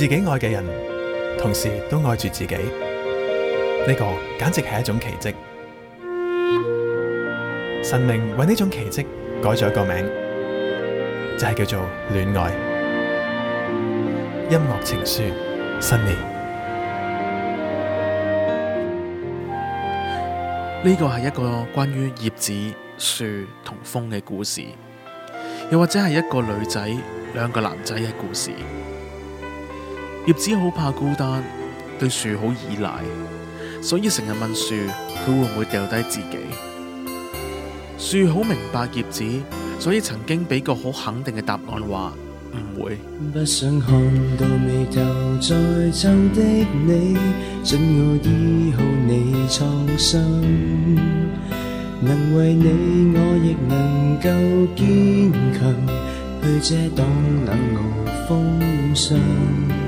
自己愛嘅人，同時都愛住自己，呢、這個簡直係一種奇蹟。神明為呢種奇蹟改咗個名，就係、是、叫做戀愛。音樂情書，Sunny。呢個係一個關於葉子、樹同風嘅故事，又或者係一個女仔、兩個男仔嘅故事。葉子好怕孤單，對樹好依賴，所以成日問樹佢會唔會掉低自己。樹好明白葉子，所以曾經俾個好肯定嘅答案話唔會。不想看到眉頭再皺的你，准我醫好你創傷，能為你我亦能夠堅強，去遮擋冷傲風霜。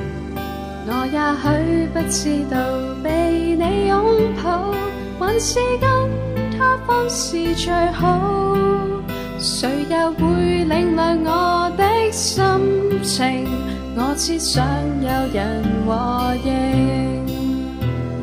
也許不知道被你擁抱，還是跟他方是最好。誰又會領略我的心情？我只想有人和應。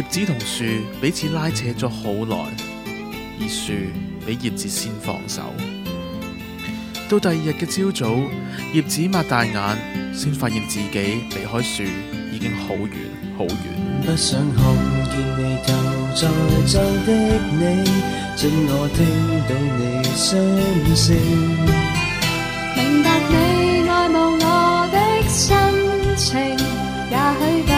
葉子同樹彼此拉扯咗好耐，而樹比葉子先放手。到第二日嘅朝早，葉子擘大眼，先發現自己離開樹已經好遠好遠。遠不想看見你站在周的你，准我聽到你心聲，明白你愛慕我的心情，也許。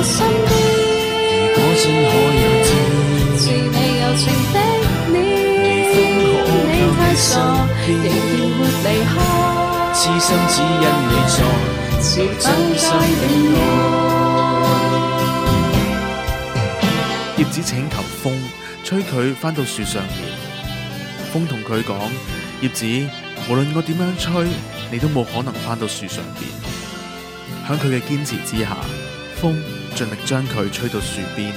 葉子請求風吹佢返到樹上面，風同佢講：葉子，無論我點樣吹，你都冇可能返到樹上邊。響佢嘅堅持之下，風，盡力將佢吹到樹邊，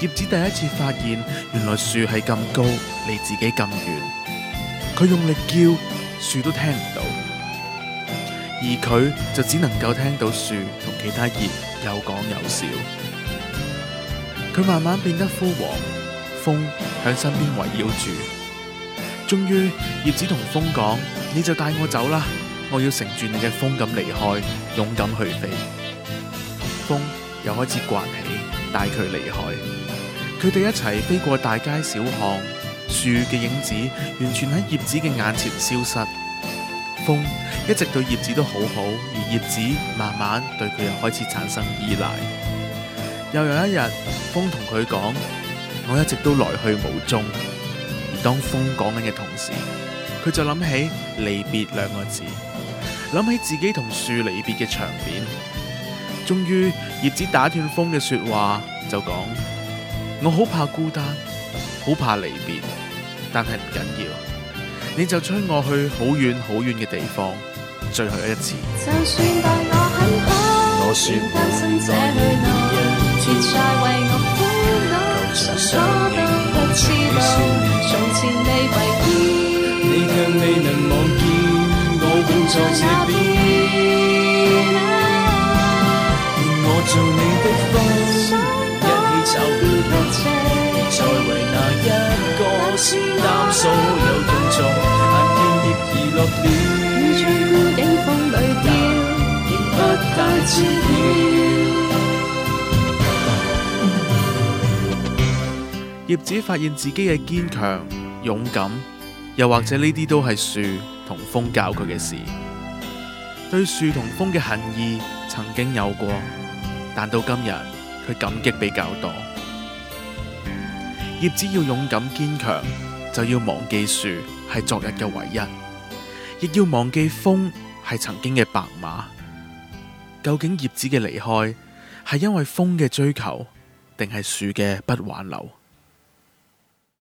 葉子第一次發現，原來樹係咁高，離自己咁遠。佢用力叫，樹都聽唔到，而佢就只能夠聽到樹同其他葉有講有笑。佢慢慢變得枯黃，風響身邊圍繞住，終於葉子同風講：你就帶我走啦，我要乘住你嘅風咁離開，勇敢去飛。又開始刮起，帶佢離開。佢哋一齊飛過大街小巷，樹嘅影子完全喺葉子嘅眼前消失。風一直對葉子都好好，而葉子慢慢對佢又開始產生依賴。又有一日，風同佢講：我一直都來去無蹤。而當風講緊嘅同時，佢就諗起離別兩個字，諗起自己同樹離別嘅場面。終於葉子打斷風嘅說話，就講：我好怕孤單，好怕離別，但係唔緊要，你就吹我去好遠好遠嘅地方，最後一次。就算待我很好，我算單身這裡男人，別再為我苦惱，我都不知道，從做你的花，一起走過為那一個擔所有動作。但葉兒落了，如在影風裏飄，言不多，知了。葉子發現自己嘅堅強、勇敢，又或者呢啲都係樹同風教佢嘅事。對樹同風嘅恨意，曾經有過。但到今日，佢感激比較多。葉子要勇敢堅強，就要忘記樹係昨日嘅唯一，亦要忘記風係曾經嘅白馬。究竟葉子嘅離開，係因為風嘅追求，定係樹嘅不挽留？